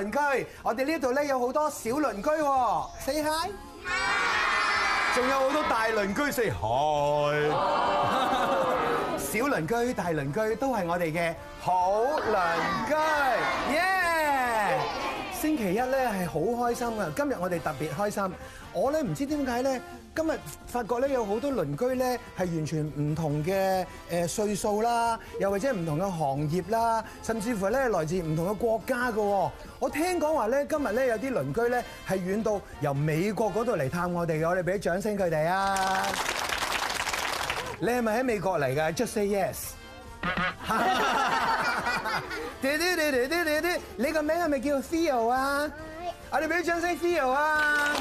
鄰居，我哋呢度咧有好多小鄰居，say hi，仲有好多大鄰居，say hi，小鄰居、大鄰居都係我哋嘅好鄰居。星期一咧係好開心嘅，今日我哋特別開心。我咧唔知點解咧，今日發覺咧有好多鄰居咧係完全唔同嘅誒歲數啦，又或者唔同嘅行業啦，甚至乎咧來自唔同嘅國家㗎。我聽講話咧，今日咧有啲鄰居咧係遠到由美國嗰度嚟探我哋嘅，我哋俾啲掌聲佢哋啊！你係咪喺美國嚟㗎？Just say yes。爹啲爹爹啲爹啲，你個名係咪叫 Feel 啊？係。我哋俾掌聲 Feel 啊！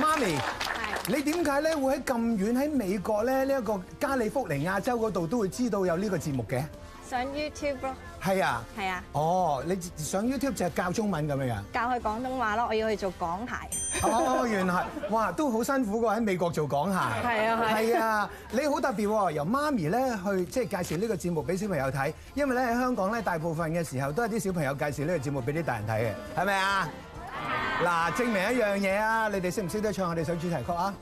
媽咪，係。是的 你點解咧會喺咁遠喺美國咧？呢一個加利福尼亞州嗰度都會知道有呢個節目嘅？上 YouTube 咯嗎。係啊的。係啊。哦，你上 YouTube 就係教中文咁樣啊？教佢廣東話咯，我要去做港牌。哦，原來哇，都好辛苦嘅，喺美國做講下。係啊係。係啊，啊，你好特別喎，由媽咪咧去即係介紹呢個節目俾小朋友睇，因為咧喺香港咧大部分嘅時候都係啲小朋友介紹呢個節目俾啲大人睇嘅，係咪是啊？嗱，證明一樣嘢啊，你哋識唔識得唱我哋首主題曲是啊？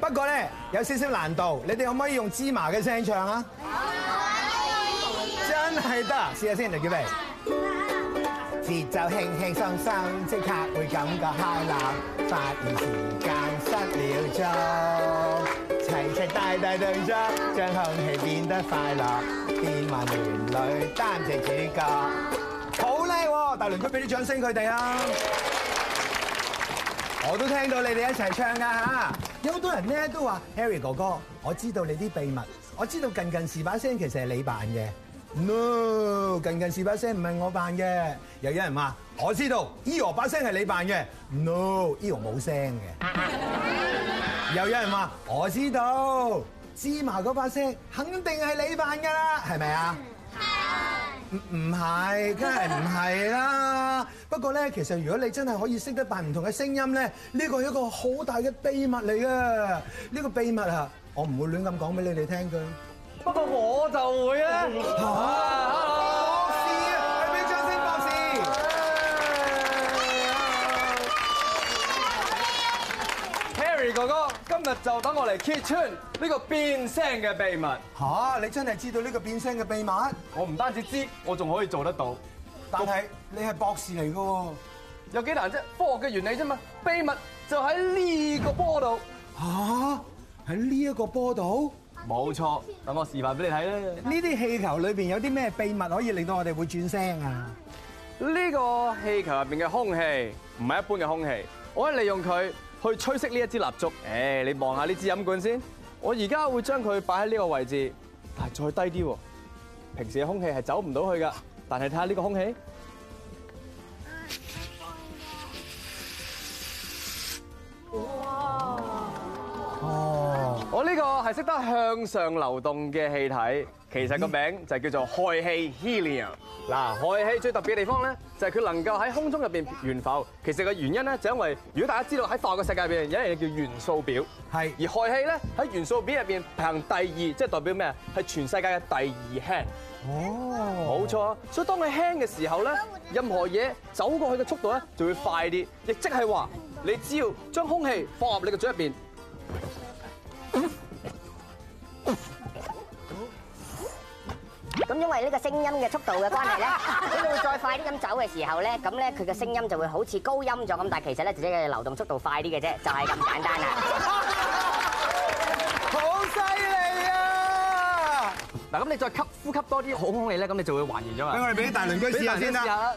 不過咧有少少難度，你哋可唔可以用芝麻嘅聲唱是啊？真係得，試下先，嚟叫位。節奏輕輕鬆鬆，即刻會感覺開朗發現時間失了蹤，齊齊大大對唱，將空氣變得快樂，變換旋律，擔直主角，好叻、哦！大鄰居俾啲掌聲佢哋啊！ 我都聽到你哋一齊唱噶吓，有好多人咧都話 Harry 哥哥，我知道你啲秘密，我知道近近時把聲其實係你扮嘅。No，近近係把聲唔係我扮嘅。又有人話，我知道 E 羅把聲係你扮嘅。No，E 羅冇聲嘅。又有人話，我知道芝麻嗰把聲肯定係你扮㗎啦，係咪啊？唔唔係，梗係唔係啦。不過咧，其實如果你真係可以識得扮唔同嘅聲音咧，呢個係一個好大嘅秘密嚟㗎。呢個秘密啊，我唔會亂咁講俾你哋聽㗎。不過我就會咧，嚇、啊、Hello，博士，你博士啊！俾張聲博士，Harry,、啊、Harry 哥哥今日就等我嚟揭穿呢個變聲嘅秘密。嚇、啊，你真係知道呢個變聲嘅秘密？我唔單止知，我仲可以做得到。但係你係博士嚟嘅喎，有幾難啫？科學嘅原理啫嘛，秘密就喺呢個波度。嚇、啊，喺呢一個波度。冇錯，等我示範俾你睇啦。呢啲氣球裏邊有啲咩秘密可以令到我哋會轉聲啊？呢個氣球入邊嘅空氣唔係一般嘅空氣，我係利用佢去吹熄呢一支蠟燭。誒、hey,，你望下呢支飲管先。我而家會將佢擺喺呢個位置，係再低啲喎。平時嘅空氣係走唔到去㗎，但係睇下呢個空氣。我呢個係識得向上流動嘅氣體，其實個名就叫做氦氣 （helium）。嗱，氦氣最特別嘅地方咧，就係佢能夠喺空中入邊懸浮。其實個原因咧，就因為如果大家知道喺化學嘅世界入邊有一樣嘢叫元素表，係而氦氣咧喺元素表入邊排行第二，即係代表咩啊？係全世界嘅第二輕。哦，冇錯。所以當佢輕嘅時候咧，任何嘢走過去嘅速度咧就會快啲。亦即係話，你只要將空氣放入你嘅嘴入邊。咁因為呢個聲音嘅速度嘅關係咧，咁你會再快啲咁走嘅時候咧，咁咧佢嘅聲音就會好似高音咗咁，但係其實咧自己嘅流動速度快啲嘅啫，就係咁簡單啦。好犀利啊！嗱，咁你再吸呼吸多啲好空氣咧，咁你就會還原咗啦。咁我哋俾大鄰居試下先啦。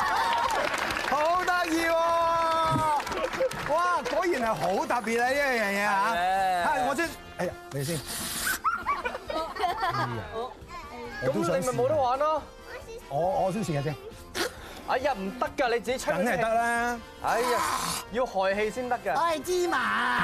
哇，果然係好特別啊呢一樣嘢嚇！我先，哎呀，你先。咁你咪冇得玩咯！我我先試下先。哎呀，唔得㗎，你自己出梗係得啦！哎呀，要氦氣先得㗎。我係芝麻。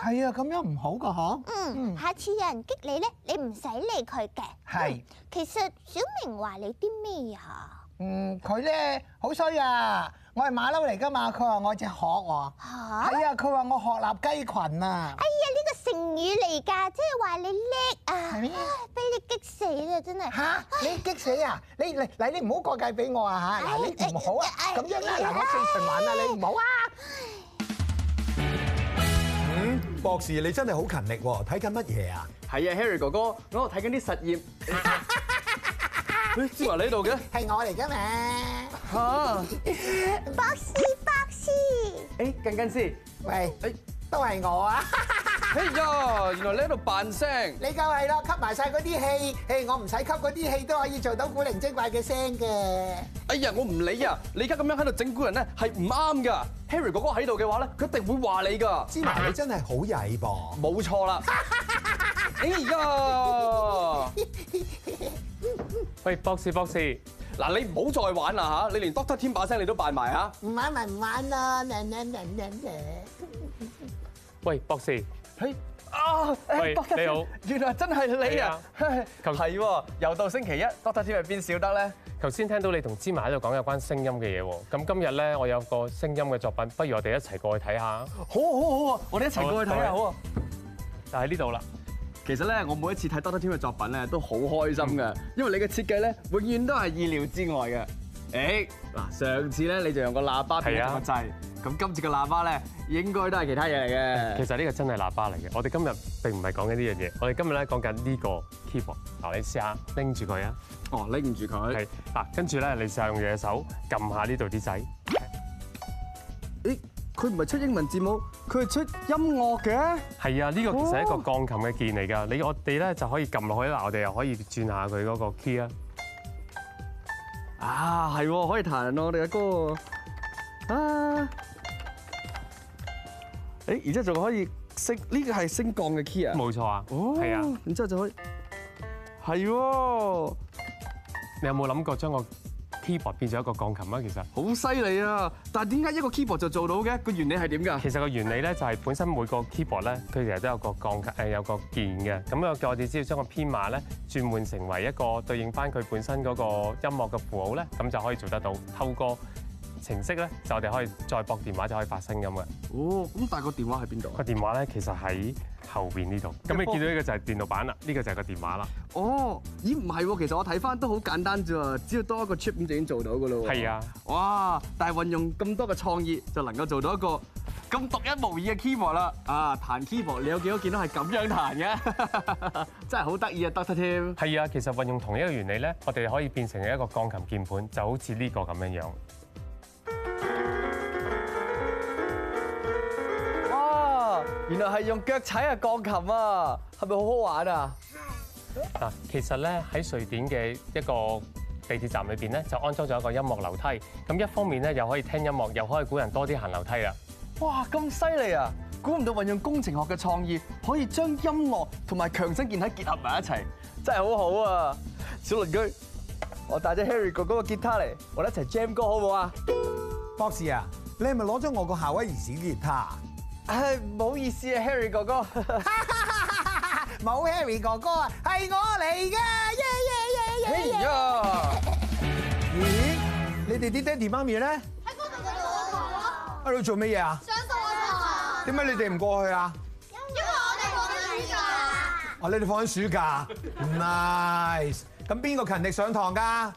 係啊，咁樣唔好噶吓。嗯，下次有人激你咧，你唔使理佢嘅。係。其實小明話你啲咩啊？嗯，佢咧好衰啊！我係馬騮嚟噶嘛，佢話我隻鶴喎。吓？係啊，佢話我鶴立雞群啊。哎呀，呢個成語嚟噶，即係話你叻啊！唉，俾你激死啊，真係。吓？你激死啊？你嚟嚟，你唔好過界俾我啊吓！嗱，你唔好啊，咁樣啦，嗱我四巡玩啊，你唔好啊。博士，你真係好勤力喎！睇緊乜嘢啊？係啊，Harry 哥哥，我睇緊啲實驗。咦、 欸，志華你喺度嘅？係我嚟㗎咩？嚇、啊！博士，博士。誒、欸，跟跟先，喂，誒，都係我啊。哎呀！原來你喺度扮聲，你夠係啦，吸埋曬嗰啲氣。誒，我唔使吸嗰啲氣都可以做到古靈精怪嘅聲嘅。哎呀，我唔理啊！你而家咁樣喺度整蠱人咧，係唔啱噶。Harry 哥哥喺度嘅話咧，佢一定會話你噶。芝麻，你真係好曳噃！冇錯啦。哎呀！喂，博士博士，嗱你唔好再玩啦嚇！你連 Doctor Tim 把聲你都扮埋嚇，唔玩咪唔玩啦！喂，博士。嘿，啊，你好，原來真係你是啊！係、啊，係，又到星期一，Doctor Tim 又變少得咧。頭先聽到你同芝麻喺度講有關聲音嘅嘢喎，咁今日咧我有個聲音嘅作品，不如我哋一齊過去睇下。好好好啊，我哋一齊過去睇下。好啊。就喺呢度啦，其實咧，我每一次睇 Doctor Tim 嘅作品咧，都好開心㗎，因為你嘅設計咧，永遠都係意料之外嘅。誒，嗱，上次咧你就用個喇叭變成是、啊、個掣。咁今次嘅喇叭咧，應該都係其他嘢嚟嘅。其實呢個真係喇叭嚟嘅。我哋今日並唔係講緊呢樣嘢。我哋今日咧講緊呢個 keyboard。嗱，你試下拎住佢啊。哦，拎唔住佢。係。嗱，跟住咧，你試，試用下用隻手撳下呢度啲掣。咦？佢唔係出英文字母，佢係出音樂嘅。係啊，呢、呢個其實係一個鋼琴嘅鍵嚟㗎。你我哋咧就可以撳落去喇，我哋又可以轉下佢嗰個 key 啊。啊，係可以彈、啊、我哋嘅歌啊，啊！誒，然之後仲可以升呢個係升降嘅 key 啊！冇錯啊，哦，係是啊，然之後就可以係喎、哦。你有冇諗過將個 keyboard 變咗一個鋼琴啊？其實好犀利啊！但係點解一個 keyboard 就做到嘅？個原理係點㗎？其實個原理咧就係本身每個 keyboard 咧，佢其實都有個鋼琴誒、呃，有個鍵嘅。咁叫我哋只要將個編碼咧轉換成為一個對應翻佢本身嗰個音樂嘅符號咧，咁就可以做得到。透過程式咧，就我哋可以再駁電話就可以發聲音嘅。哦，咁但係個電話喺邊度啊？個電話咧，其實喺後邊呢度。咁麼你見到呢個就係電腦板啦，呢個就係個電話啦。哦，咦，唔係喎，其實我睇翻都好簡單咋，只要多一個 trip 就已經做到嘅咯喎。係啊，哇！但係運用咁多嘅創意，就能夠做到一個咁獨一無二嘅 keyboard 啦。啊，彈 keyboard 你有幾多見到係咁樣彈嘅？ 真係好得意啊，Doctor Tim。係啊，其實運用同一個原理咧，我哋可以變成一個鋼琴鍵盤，就好似呢個咁樣樣。原來係用腳踩啊鋼琴啊，係咪好好玩啊？嗱，其實咧喺瑞典嘅一個地鐵站裏邊咧，就安裝咗一個音樂樓梯。咁一方面咧，又可以聽音樂，又可以鼓勵人多啲行樓梯啦。哇，咁犀利啊！估唔到運用工程學嘅創意，可以將音樂同埋強身健體結合埋一齊，真係好好啊！小鄰居，我帶咗 Harry 哥哥嘅吉他嚟，我哋一齊 jam 歌好唔好啊？博士啊，你係咪攞咗我個夏威夷小吉他？唔好意思啊，Harry 哥哥，哈哈哈哈，冇 Harry 哥哥啊，係我嚟噶。哎呀，咦？你哋啲爹地媽咪咧？喺嗰度做啊！喺度做咩嘢啊？想上堂啊！點解你哋唔過去啊？因為我哋放緊暑假。哦、啊，你哋放緊暑假 ，nice。咁邊個勤力上堂噶？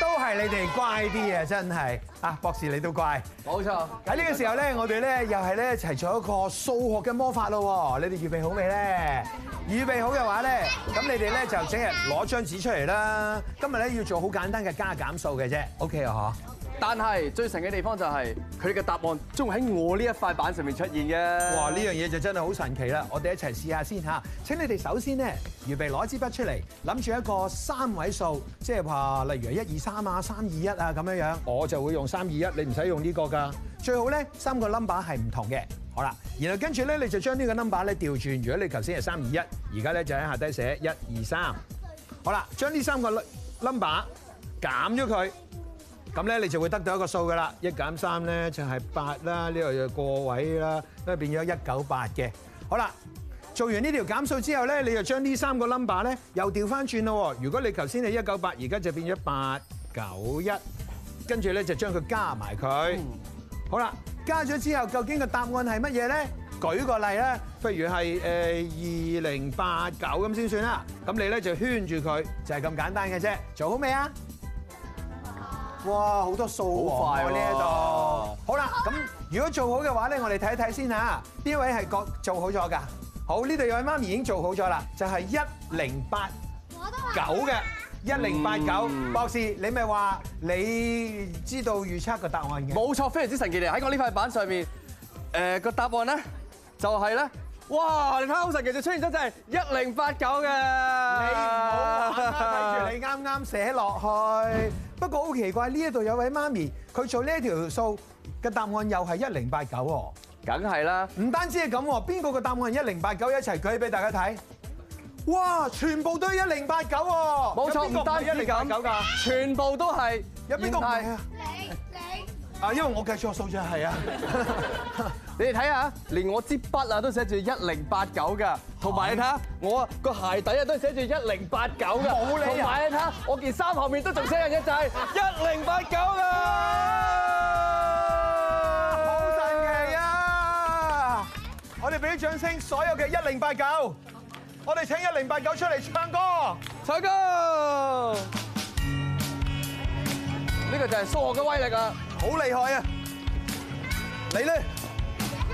都係你哋乖啲啊，真係啊！博士你都乖，冇錯。喺呢個時候咧，我哋咧又係咧一齊做一個數學嘅魔法咯喎！你哋預備好未咧？預備好嘅話咧，咁你哋咧就整日攞張紙出嚟啦。今日咧要做好簡單嘅加減數嘅啫，OK 啊！好。但係最神嘅地方就係佢嘅答案，仲喺我呢一塊板上面出現嘅。哇！呢樣嘢就真係好神奇啦！我哋一齊試下先吓。請你哋首先咧，預備攞一支筆出嚟，諗住一個三位數，即係話例如一二三啊、三二一啊咁樣樣。我就會用三二一，你唔使用呢個㗎。最好咧，三個 number 係唔同嘅。好啦，然後跟住咧，你就將呢個 number 咧調轉。如果你頭先係三二一，而家咧就喺下低寫一二三。好啦，將呢三個 number 減咗佢。咁咧你就會得到一個數㗎啦，一減三咧就係八啦，呢個就個位啦，咁啊變咗一九八嘅。好啦，做完呢條減數之後咧，你就將呢三個 number 咧又調翻轉咯。如果你頭先係一九八，而家就變咗八九一，跟住咧就將佢加埋佢。好啦，加咗之後究竟個答案係乜嘢咧？舉個例啦，不如係誒二零八九咁先算啦。咁你咧就圈住佢，就係咁簡單嘅啫。做好未啊？哇，好多數好快喎呢一度。好啦，咁如果做好嘅話咧，我哋睇一睇先嚇。邊位係個做好咗㗎？好，呢度有位媽咪已經做好咗啦，就係一零八九嘅一零八九，博士，你咪話你知道預測個答案嘅？冇錯，非常之神奇嚟。喺我呢塊板上面，誒個答案咧就係咧，哇！你睇好神奇，就出現咗真係一零八九嘅。你唔好玩啦，睇住你啱啱寫落去。不過好奇怪，呢一度有位媽咪，佢做呢條數嘅答案又係一零八九喎，梗係啦。唔單止係咁，邊個嘅答案係一零八九？一齊舉起俾大家睇。哇！全部都係一零八九喎。冇錯，唔單止咁，全部都係。有邊個？你！啊，因為我計錯數就係啊！你哋睇下，連我支筆啊都寫住一零八九噶，同埋你睇下我個鞋底啊都寫住一零八九噶，同埋你睇下我件衫後面都仲寫緊就係一零八九噶，好神奇啊！我哋俾啲掌聲，所有嘅一零八九，我哋請一零八九出嚟唱歌，唱歌。呢個就係數學嘅威力啊！好厲害啊！你咧？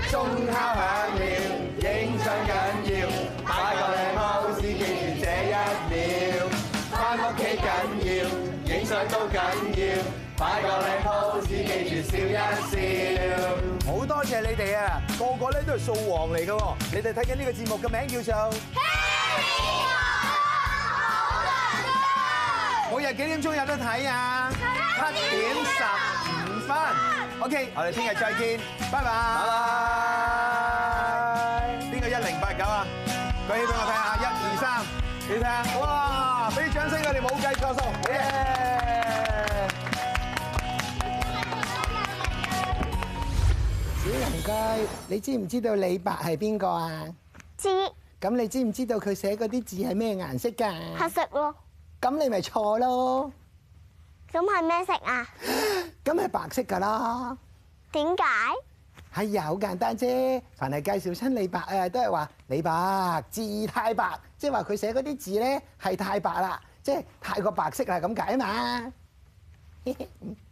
中考緊要，影相緊要，擺個靚 pose 記住這一秒，翻屋企緊要，影相都緊要，擺個靚 pose 記住笑一笑。好多謝你哋啊，個個咧都係數王嚟㗎喎。你哋睇緊呢個節目嘅名叫做《Harry 哥哥好鄰居》。每日幾點鐘有得睇啊？七點十五分，OK，我哋聽日再見，拜拜。拜拜。邊個一零八九啊？舉起俾我睇下，一二三，你睇下。哇！俾掌聲，我哋冇計錯數。小鄰居，你知唔知道李白係邊個啊？知。咁你知唔知道佢寫嗰啲字係咩顏色噶？黑色咯。咁你咪錯咯。咁係咩色啊？咁係 白色噶啦。點解？係呀，好簡單啫。凡係介紹親李白啊，都係話李白字太白，即係話佢寫嗰啲字咧係太白啦，即係太過白色啦，咁解嘛。